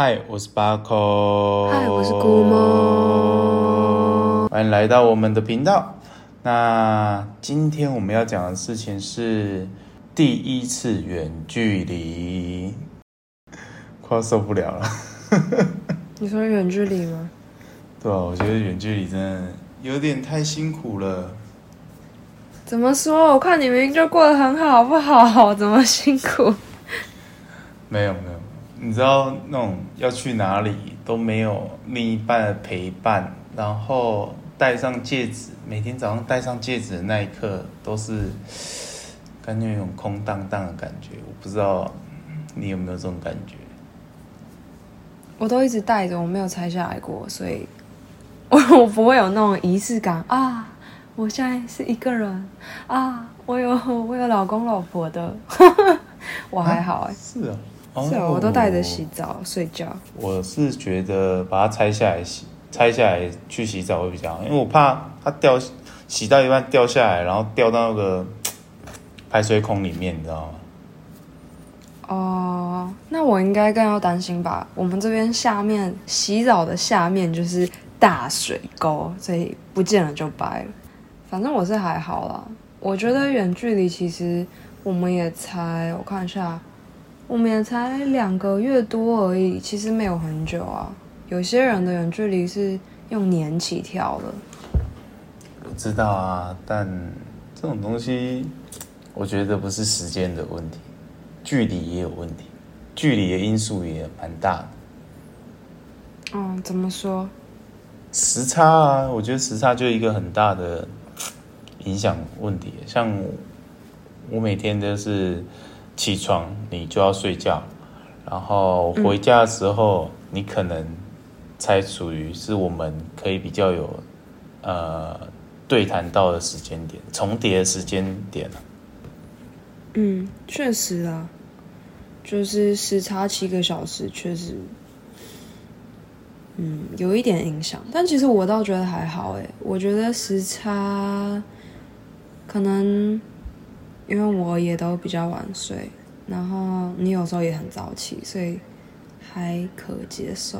嗨，我是巴克。嗨，我是古夢。歡迎來到我們的頻道。那今天我們要講的事情是第一次遠距離，快要受不了了。 你說遠距離嗎？對啊，我覺得遠距離真的有點太辛苦了。怎麼說？我看你們就過得很好，好不好？怎麼辛苦？沒有沒有。你知道那種要去哪裡都沒有另一半的陪伴，然後戴上戒指，每天早上戴上戒指的那一刻，都是感覺有空蕩蕩的感覺。我不知道你有沒有這種感覺？我都一直戴着，我沒有拆下來過，所以我我不會有那種儀式感。啊，我現在是一個人啊！我有我有老公老婆的， 我還好、欸、啊是啊。是、oh, 我都帶着洗澡、睡覺。我是覺得把它拆下來洗，拆下來去洗澡會比較好，因為我怕它掉，洗到一半掉下來，然後掉到那個排水孔裡面，你知道嗎？哦、uh, 那我應該更要擔心吧。我們這邊下面洗澡的下面就是大水溝，所以不見了就掰了。反正我是還好啦。我覺得遠距離其實我們也拆，我看一下。我們也才兩個月多而已，其實沒有很久啊。有些人的遠距離是用年起跳的，我知道啊，但這種東西，我覺得不是時間的問題，距離也有問題，距離的因素也蠻大的。嗯，怎麼說？時差啊，我覺得時差就是一個很大的影響問題。像我，我每天都，就是。起床，你就要睡覺，然後回家的時候，嗯、你可能才屬於是我們可以比較有，呃，對談到的時間點，重疊的時間點。嗯，確實啊，就是時差七個小時，確實，嗯，有一點影響。但其實我倒覺得還好、欸，誒，我覺得時差可能。因為我也都比較晚睡，然後你有時候也很早起，所以還可接受。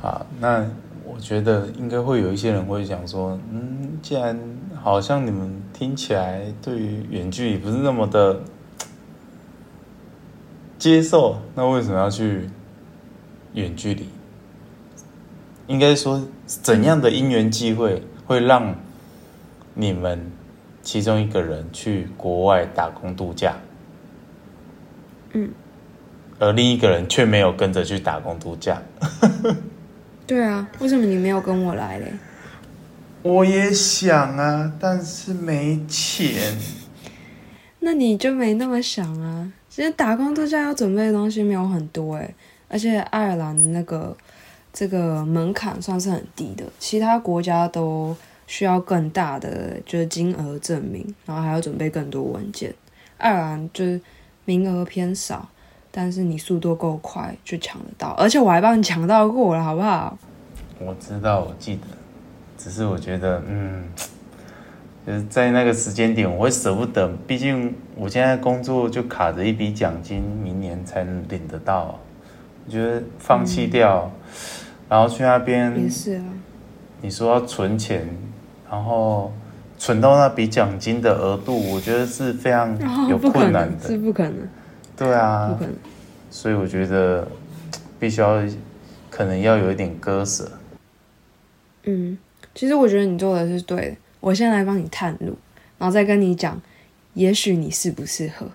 啊， 那我覺得應該會有一些人會想說，嗯，既然好像你們聽起來對於遠距離不是那麼的接受，那為什麼要去遠距離？應該說怎樣的因緣際會會讓？你們其中一個人去國外打工度假，嗯，而另一個人卻沒有跟着去打工度假。 對啊，為什麼你沒有跟我來嘞？我也想啊，但是沒錢。 那你就沒那麼想啊？其實打工度假要準備的東西沒有很多，欸，而且愛爾蘭那個這個門檻算是很低的，其他國家都。需要更大的就是金額證明，然後還要準備更多文件。二然就是名額偏少，但是你速度夠快就搶得到。而且我還幫你搶到過了，好不好？我知道，我記得，只是我覺得，嗯，就是在那個時間點，我會捨不得，畢竟我現在工作就卡着一筆獎金，明年才能領得到。我覺得放棄掉、嗯，然後去那邊也是啊。你說要存錢。然後存到那筆獎金的額度，我覺得是非常有困難的，啊，是不可能。對啊，不可能。所以我覺得必須要可能要有一點割捨。嗯，其實我覺得你做的是對的，我先來幫你探路，然後再跟你講，也許你適不適合，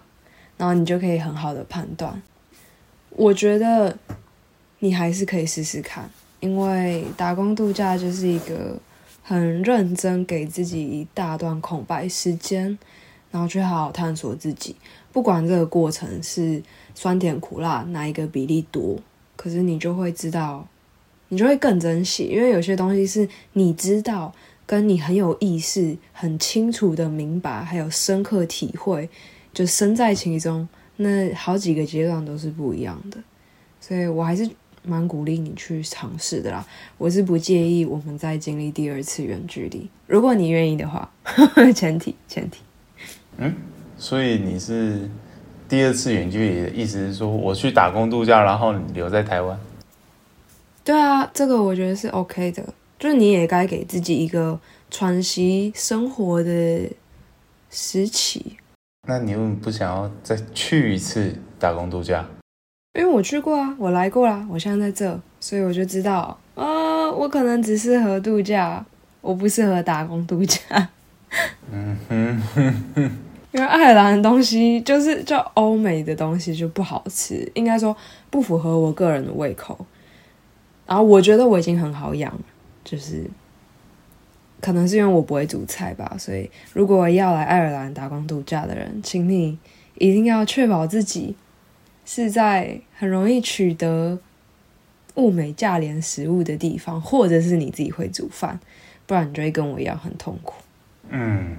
然後你就可以很好的判斷。我覺得你還是可以試試看，因為打工度假就是一個。很認真給自己一大段空白時間，然後去好好探索自己。不管這個過程是酸甜苦辣哪一個比例多，可是你就會知道，你就會更珍惜。因為有些東西是你知道，跟你很有意思、很清楚的明白，還有深刻體會，就身在其中。那好幾個階段都是不一樣的，所以我還是。蠻鼓勵你去嘗試的啦，我是不介意我們再經歷第二次遠距離，如果你願意的話，呵呵前提前提。嗯，所以你是第二次遠距離的意思是說，我去打工度假，然後你留在台灣？對啊，這個我覺得是 OK 的，就是你也該給自己一個喘息生活的時期。那你為什麼不想要再去一次打工度假？因為我去過啊，我來過啦、啊，我現在在這，所以我就知道，呃，我可能只適合度假，我不適合打工度假。嗯哼哼哼，因為愛爾蘭的東西就是叫歐美的東西就不好吃，應該說不符合我個人的胃口。然後我覺得我已經很好養，就是可能是因為我不會煮菜吧，所以如果要來愛爾蘭打工度假的人，請你一定要確保自己。是在很容易取得物美價廉食物的地方，或者是你自己會煮飯，不然你就會跟我一樣很痛苦。嗯，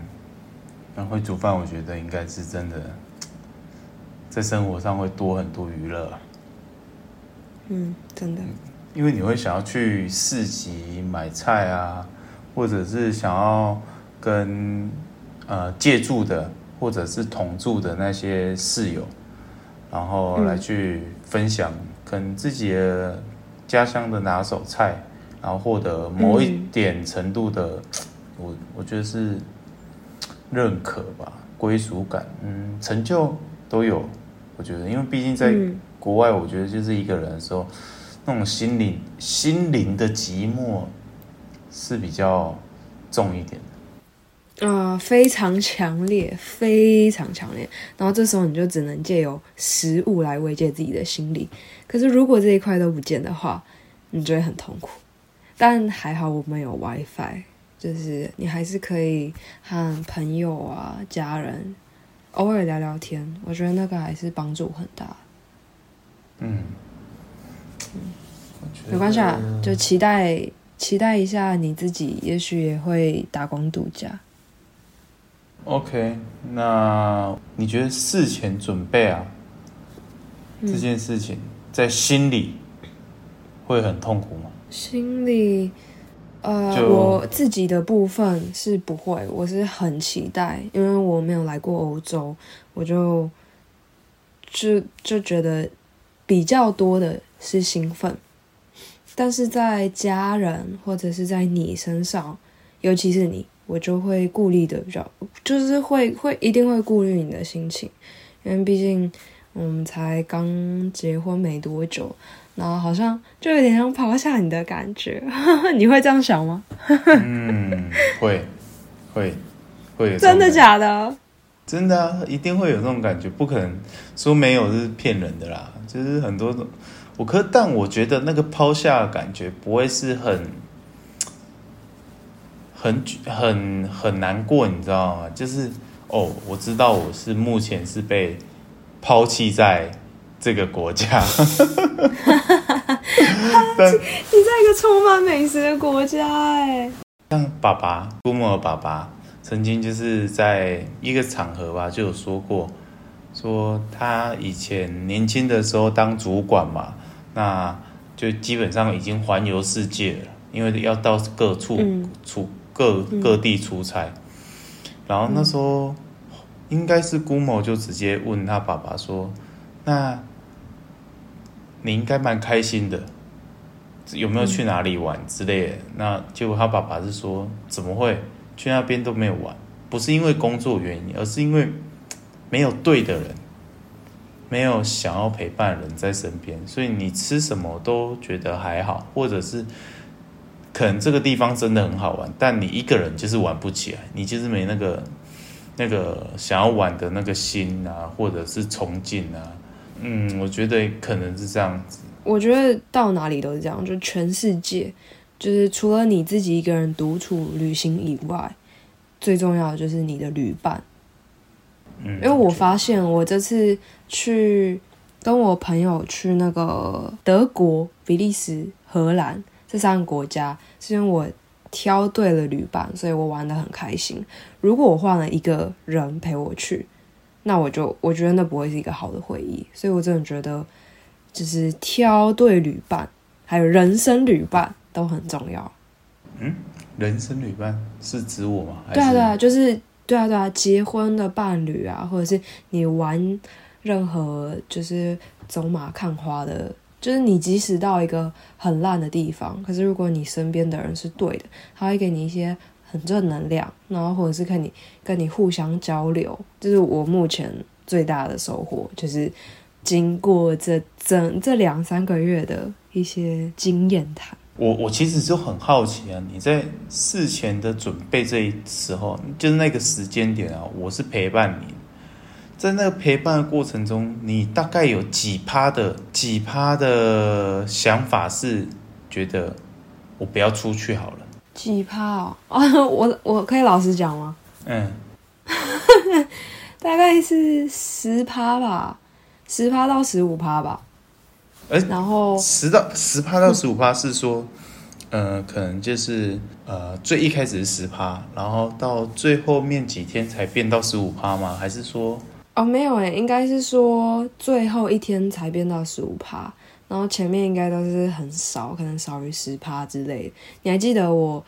然後會煮飯，我覺得應該是真的，在生活上會多很多娛樂。嗯，真的，因為你會想要去市集買菜啊，或者是想要跟呃借住的或者是同住的那些室友。然後來去分享跟自己的家鄉的拿手菜，然後獲得某一點程度的，嗯、我我覺得是認可吧，歸屬感，嗯，成就都有，我覺得。因為畢竟在國外，我覺得就是一個人的時候，嗯、那種心靈心靈的寂寞是比較重一點的。啊、呃，非常強烈，非常強烈。然後這時候你就只能借由食物來慰藉自己的心理。可是如果這一塊都不見的話，你就會很痛苦。但還好我們有 WiFi，就是你還是可以和朋友啊、家人偶爾聊聊天。我覺得那個還是幫助很大。嗯，嗯，沒關係啊，就期待期待一下，你自己也許也會打工度假。OK，那你覺得事前準備啊、嗯、這件事情，在心裡會很痛苦嗎？心裡，呃，我自己的部分是不會，我是很期待，因為我沒有來過歐洲，我就就就覺得比較多的是興奮，但是在家人或者是在你身上，尤其是你。我就會顧慮的比較，就是會會一定會顧慮你的心情，因為畢竟我們才剛結婚沒多久，然後好像就有點像拋下你的感覺， 你會這樣想嗎？ 嗯，會，會，會，真的假的？真的啊，一定會有這種感覺，不可能說沒有是騙人的啦。就是很多種，我可是，但我覺得那個拋下的感覺不會是很。很很很難過，你知道嗎？就是哦，我知道我是目前是被拋棄在這個國家。你在一個充滿美食的國家，哎。像爸爸，姑媽的爸爸曾經就是在一個場合吧，就有說過，說他以前年輕的時候當主管嘛，那就基本上已經環遊世界了，因為要到各處處，嗯。各各地出差，嗯，然後那時候應該是姑母就直接問他爸爸說：“那你應該蠻開心的，有沒有去哪裡玩之類的，嗯？”那結果他爸爸是說：“怎麼會？去那邊都沒有玩，不是因為工作原因，而是因為沒有對的人，沒有想要陪伴的人在身邊，所以你吃什麼都覺得還好，或者是。”可能這個地方真的很好玩，但你一個人就是玩不起來，你就是沒那個那個想要玩的那個心啊，或者是憧憬啊。嗯，我覺得可能是這樣子。我覺得到哪裡都是這樣，就全世界，就是除了你自己一個人獨處旅行以外，最重要的就是你的旅伴。嗯，因為我發現我這次去跟我朋友去那個德國、比利時、荷蘭。這三個國家是因為我挑對了旅伴，所以我玩得很開心。如果我換了一個人陪我去，那我就我覺得那不會是一個好的回憶。所以我真的覺得，就是挑對旅伴，還有人生旅伴都很重要。嗯，人生旅伴是指我嗎？對啊對啊，就是對啊對啊，結婚的伴侶啊，或者是你玩任何就是走馬看花的。就是你即使到一個很爛的地方，可是如果你身邊的人是對的，他會給你一些很正能量，然後或者是看你跟你互相交流，就是我目前最大的收穫，就是經過這整這兩三個月的一些經驗談。我我其實就很好奇啊，你在事前的準備這一時候，就是那個時間點啊，我是陪伴你。在那個陪伴的過程中，你大概有幾趴的幾趴的想法是覺得我不要出去好了？幾趴啊，啊？我我可以老實講嗎？嗯， 大概是十趴吧，十趴到十五趴吧。哎、欸，然後十到十趴到十五趴是說，嗯，呃、可能就是呃，最一開始是十趴，然後到最後面幾天才變到十五趴嗎？還是說？哦，沒有誒，應該是說最後一天才變到十五趴，然後前面應該都是很少，可能少於十趴之類。你還記得我，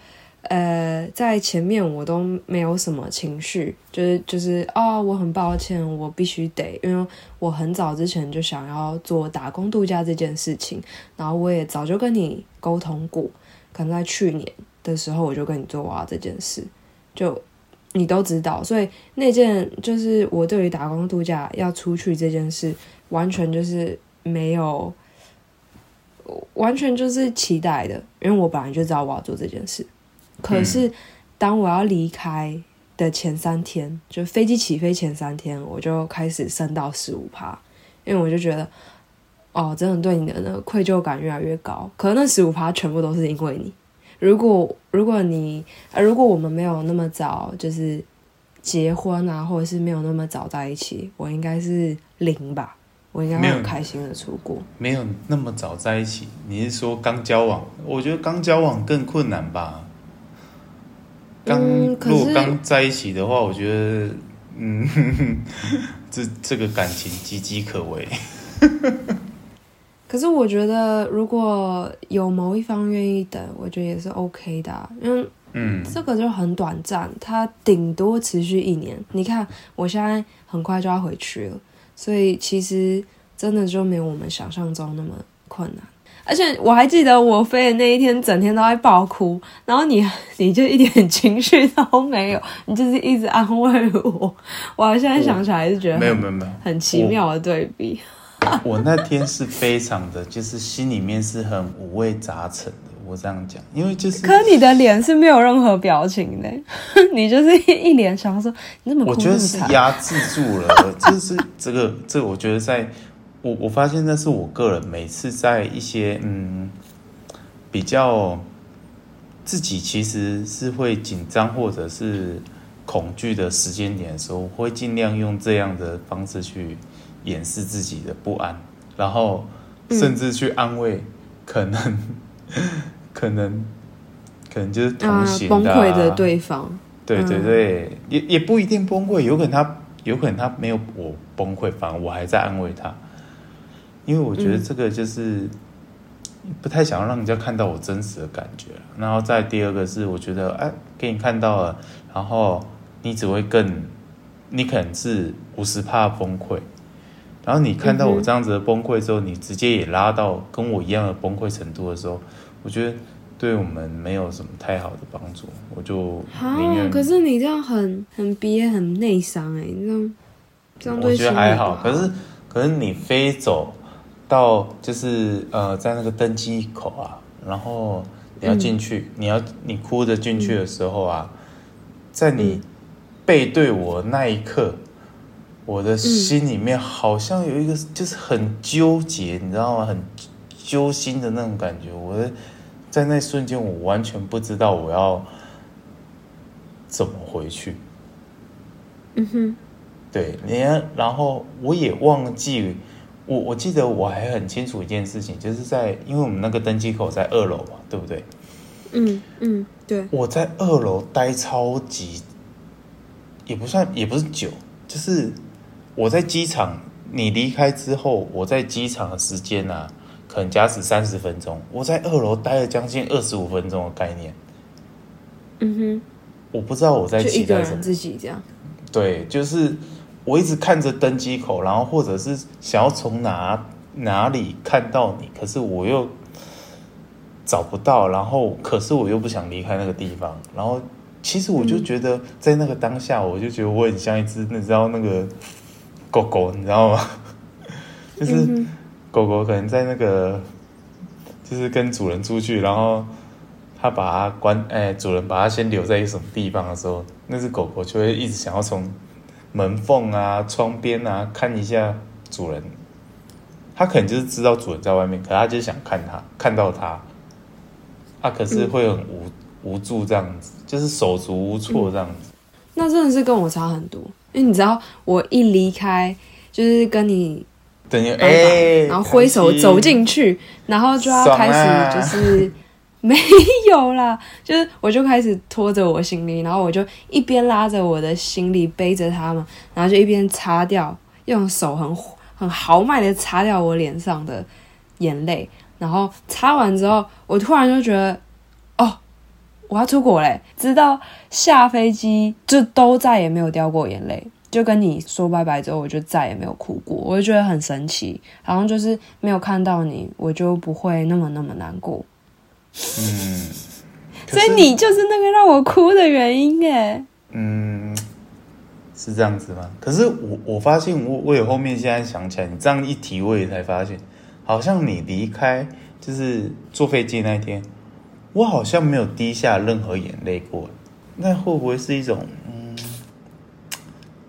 呃，在前面我都沒有什麼情緒，就是就是哦，我很抱歉，我必須得，因為我很早之前就想要做打工度假這件事情，然後我也早就跟你溝通過，可能在去年的時候我就跟你做完、啊、這件事，就。你都知道，所以那件就是我對於打工度假要出去這件事，完全就是沒有，完全就是期待的。因為我本來就知道我要做這件事，可是當我要離開的前三天，就飛機起飛前三天，我就開始升到十五趴，因為我就覺得，哦，真的對你的那個愧疚感越來越高。可能那十五趴全部都是因為你。如果如果你如果我們沒有那麼早就是結婚啊，或者是沒有那麼早在一起，我應該是零吧，我應該會很開心的出國。沒有那麼早在一起，你是說剛交往？我覺得剛交往更困難吧。剛、嗯、如果剛在一起的話，我覺得嗯， 這這個感情岌岌可危。 可是我覺得，如果有某一方願意等，我覺得也是 OK 的，因為嗯，這個就很短暫，它頂多持續一年。你看，我現在很快就要回去了，所以其實真的就沒有我們想象中那麼困難。而且我還記得我飛的那一天，整天都在爆哭，然後你你就一點情緒都沒有，你就是一直安慰我。我現在想起來就是覺得、哦、沒有沒有沒有，很奇妙的對比。哦 我，我那天是非常的，就是心裡面是很五味雜陳的。我這樣講，因為就是，可是你的臉是沒有任何表情的， 你就是一臉想說你那麼，我覺得是壓制住了， 就是這個，這個、我覺得在，在我我發現那是我個人每次在一些嗯比較自己其實是會緊張或者是恐懼的時間點的時候，我會盡量用這樣的方式去。掩飾自己的不安，然後甚至去安慰，嗯、可能可能可能就是同情的、啊啊、崩潰的對方、嗯。對對對，也也不一定崩潰，有可能他有可能他沒有我崩潰，反而我還在安慰他，因為我覺得這個就是、嗯、不太想要讓人家看到我真實的感覺。然後再第二個是，我覺得哎、啊，給你看到了，然後你只會更，你可能是五十趴崩潰？然後你看到我這樣子的崩潰之後，Okay. 你直接也拉到跟我一樣的崩潰程度的時候，我覺得對我們沒有什麼太好的幫助，我就。好，可是你這樣很很憋，很內傷哎、欸，你知道？我覺得還好，可是可是你飛走到就是呃，在那個登機口啊，然後你要進去，嗯、你要你哭着進去的時候啊，嗯、在你背對我那一刻。我的心裡面好像有一個，就是很糾結，你知道嗎？很揪心的那種感覺。我在那瞬間，我完全不知道我要怎麼回去。嗯哼，對，然後我也忘記，我我記得我還很清楚一件事情，就是在因為我們那個登機口在二樓嘛，對不對？嗯嗯，對。我在二樓待超級也不算也不是久，就是我在機場，你離開之後，我在機場的時間啊，可能加持三十分鐘。我在二樓待了將近二十五分鐘的概念。嗯哼，我不知道我在期待什麼。自己這樣，對，就是我一直看着登機口，然後或者是想要從哪哪裡看到你，可是我又找不到，然後可是我又不想離開那個地方。然後其實我就覺得，在那個當下，我就覺得我很像一隻，你知道那個。狗狗，你知道嗎？ 就是、嗯、狗狗，可能在那個，就是跟主人出去，然後他把它關，哎、欸，主人把它先留在一個什麼地方的時候，那隻狗狗就會一直想要從門縫啊、窗邊啊看一下主人。它可能就是知道主人在外面，可它就想看它，看到它，啊，可是會很無、嗯、無助這樣子，就是手足無措這樣子。嗯、那真的是跟我差很多。因為你知道，我一離開，就是跟你抱抱，等你然後揮手走進去，然後就要開，開始，就是、啊、 沒有啦，就是我就開始拖着我行李，然後我就一邊拉着我的行李背着他們，然後就一邊擦掉，用手很很豪邁的擦掉我臉上的眼淚，然後擦完之後，我突然就覺得。我要出國嘞，直到下飛機就都再也沒有掉過眼淚，就跟你說拜拜之後，我就再也沒有哭過，我就覺得很神奇，好像就是沒有看到你，我就不會那麼那麼難過。嗯，所以你就是那個讓我哭的原因哎。嗯，是這樣子嗎？可是我我發現我我也後面現在想起來，你這樣一提我也才發現，好像你離開就是坐飛機那一天。我好像沒有滴下任何眼淚過，那會不會是一種嗯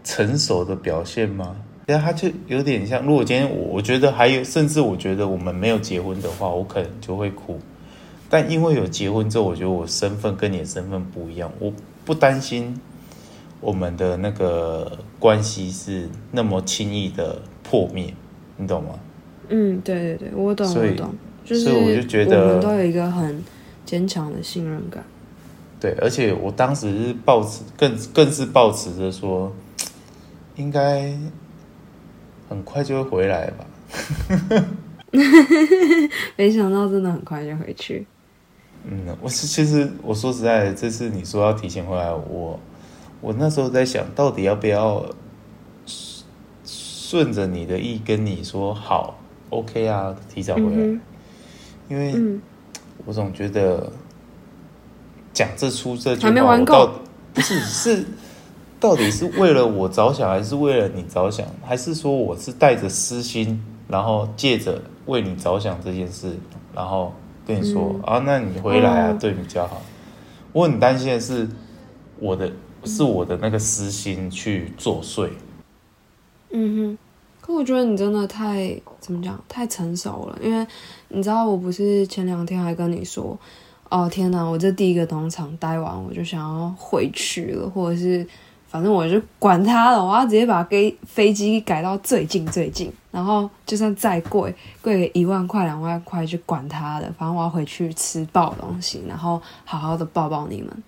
成熟的表現嗎？其實他就有點像，如果今天我我覺得還有，甚至我覺得我們沒有結婚的話，我可能就會哭。但因為有結婚之後，我覺得我身份跟你的身份不一樣，我不擔心我們的那個關係是那麼輕易的破滅，你懂嗎？嗯，對對對，我懂，我懂，所以、就是、所以我就覺得我們都有一個很堅強的信任感，對，而且我當時是抱持更更是抱持着說，應該很快就會回來吧。 沒想到真的很快就回去。嗯，我其實、就是、我說實在，這次你說要提前回來，我我那時候在想到底要不要順着你的意跟你說好，OK 啊，提早回來，嗯、因為。嗯我總覺得講這出這句話，我到底不是是到底是為了我着想，還是為了你着想，還是說我是帶着私心，然後借着為你着想這件事，然後跟你說、嗯、啊，那你回來啊，嗯、對你比較好。我很擔心的是，我的是我的那個私心去作祟。嗯哼。我覺得你真的太，怎麼講，太成熟了，因為你知道，我不是前兩天還跟你說，哦天吶，我這第一個農場待完，我就想要回去了，或者是反正我就管他了，我要直接把給飛飛機改到最近最近，然後就算再貴，貴個一萬塊兩萬塊去管他的，反正我要回去吃爆東西，然後好好的抱抱你們，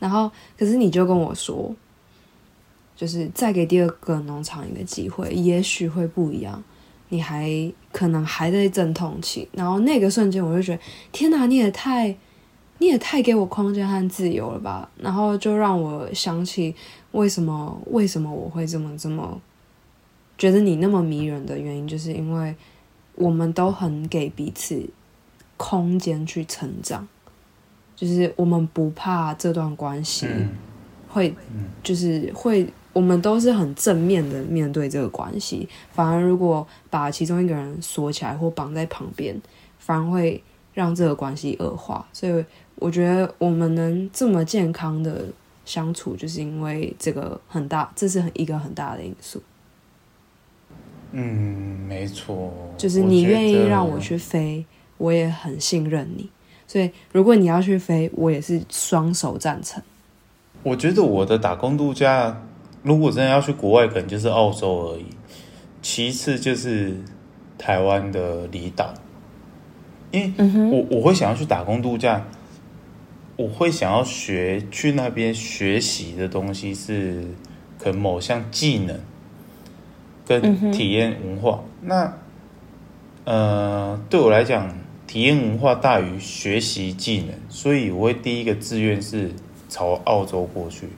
然後可是你就跟我說。就是再給第二個農場一個機會，也許會不一樣。你還可能還在陣痛期，然後那個瞬間我就覺得，天哪、啊，你也太，你也太給我空間和自由了吧！然後就讓我想起為什麼為什麼我會這麼這麼覺得你那麼迷人的原因，就是因為我們都很給彼此空間去成長，就是我們不怕這段關係會、嗯嗯、就是會。我們都是很正面的面對這個關係，反而如果把其中一個人鎖起來或綁在旁邊，反而會讓這個關係惡化。所以我覺得我們能這麼健康的相處，就是因為這個很大，這是很一個很大的因素。嗯，沒錯。就是你願意讓我去飛，我，我也很信任你。所以如果你要去飛，我也是雙手贊成。我覺得我的打工度假。如果真的要去國外，可能就是澳洲而已。其次就是台灣的離島，因為我我會想要去打工度假，我會想要學去那邊學習的東西是可能某項技能，跟體驗文化。那呃，對我來講，體驗文化大於學習技能，所以我會第一個志願是朝澳洲過去。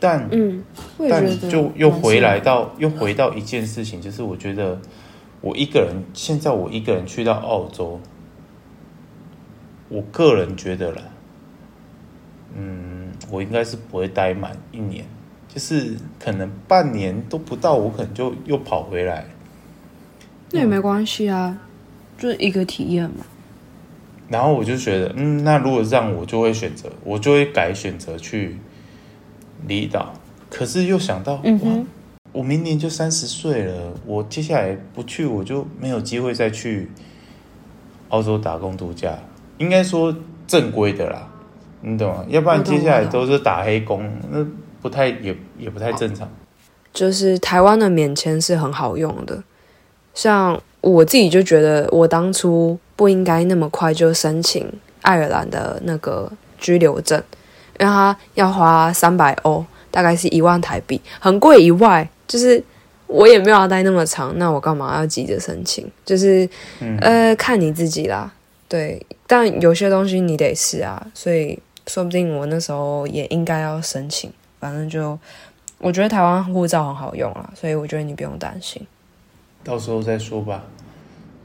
但、嗯、但就又回來到又回到一件事情，就是我覺得我一個人現在我一個人去到澳洲，我個人覺得了，嗯，我應該是不會待滿一年，就是可能半年都不到，我可能就又跑回來。那也沒關係啊，嗯、就是一個體驗嘛。然後我就覺得，嗯，那如果讓我就會選擇，我就會改選擇去。離島，可是又想到，哇、嗯、我明年就三十歲了，我接下來不去，我就沒有機會再去澳洲打工度假。應該說正規的啦，你懂嗎？要不然接下來都是打黑工，嗯嗯嗯嗯嗯、那不太也也不太正常。就是台灣的免簽是很好用的，像我自己就覺得，我當初不應該那麼快就申請愛爾蘭的那個居留證。然後要花三百歐，大概是一萬台幣，很貴以外就是我也沒有要待那麼長，那我幹嘛要急着申請？就是、嗯、呃，看你自己啦。對，但有些東西你得試啊，所以說不定我那時候也應該要申請。反正就我覺得台灣護照很好用了、啊，所以我覺得你不用擔心。到時候再說吧。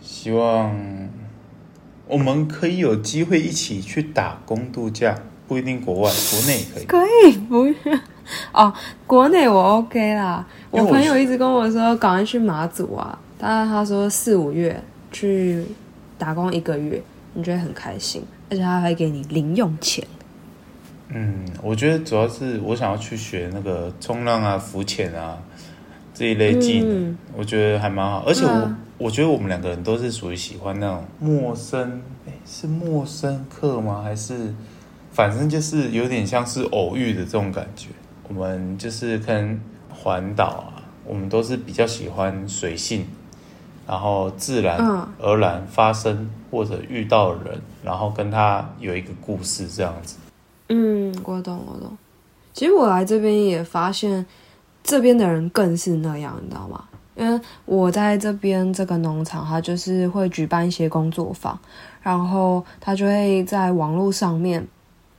希望我們可以有機會一起去打工度假。不一定國外，國外國內也可以 可以不用哦。國內我 OK 啦我。我朋友一直跟我說，趕快去馬祖啊，他他說四五月去打工一個月，你覺得很開心，而且他還給你零用錢。嗯，我覺得主要是我想要去學那個衝浪啊、浮潛啊這一類技能，嗯、我覺得還蠻好。而且我、啊、我覺得我們兩個人都是屬於喜歡那種陌生、欸，是陌生客嗎？還是？反正就是有點像是偶遇的這種感覺。我們就是跟環島啊，我們都是比較喜歡隨性，然後自然而然發生或者遇到人，嗯，然後跟他有一個故事這樣子。嗯，我懂我懂。其實我來這邊也發現，這邊的人更是那樣，你知道嗎？因為我在這邊這個農場，他就是會舉辦一些工作坊，然後他就會在網絡上面。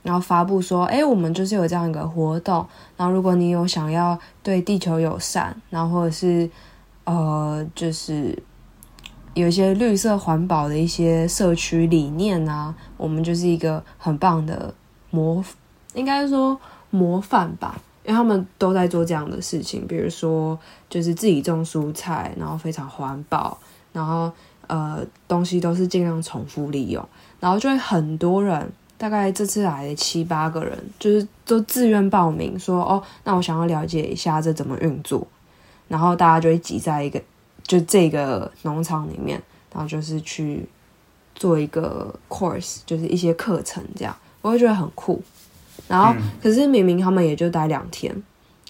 然後發佈說：“哎，我們就是有這樣一個活動。然後如果你有想要對地球友善，然後或者是呃，就是有一些綠色環保的一些社區理念啊，我們就是一個很棒的模，應該說模範吧，因為他們都在做這樣的事情。比如說，就是自己種蔬菜，然後非常環保，然後呃，東西都是盡量重複利用，然後就會很多人。”大概這次來的七八個人，就是都自願報名說哦，那我想要了解一下這怎麼運作。然後大家就會擠在一個就這個農場裡面，然後就是去做一個 course，就是一些課程這樣，我會覺得很酷。然後可是明明他們也就待兩天，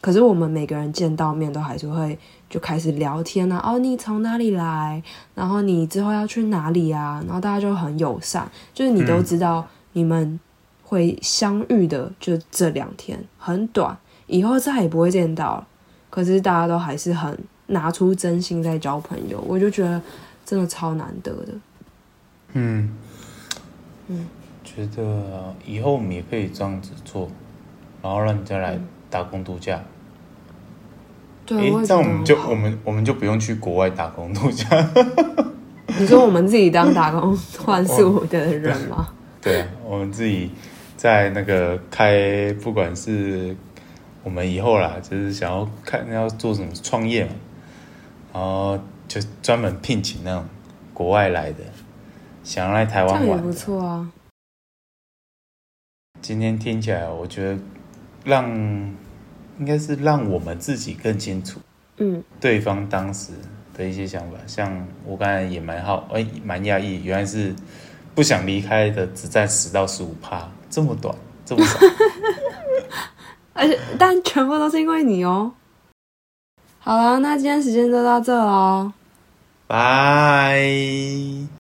可是我們每個人見到面都還是會就開始聊天啊，哦你從哪裡來？然後你之後要去哪裡啊？然後大家就很友善，就是你都知道。你們會相遇的，就這兩天很短，以後再也不會見到了。可是大家都還是很拿出真心在交朋友，我就覺得真的超難得的。嗯，嗯，覺得以後我們也可以這樣子做，然後讓你再來打工度假。嗯、對、欸但我，我們就我們我們就不用去國外打工度假。 你說我們自己當打工換宿的人嗎？對，我們自己在那個開，不管是我們以後啦，就是想要看要做什麼創業，然後就專門聘請那種國外來的，想要來台灣玩的也不錯啊。今天聽起來，我覺得讓應該是讓我們自己更清楚，嗯，對方當時的一些想法。像我剛才也蠻好，哎，蠻訝異，原來是。不想離開的只占十到十五趴，這麼短，這麼短。 而且，但全部都是因為你哦。好了，那今天時間就到這了，拜拜、喔。Bye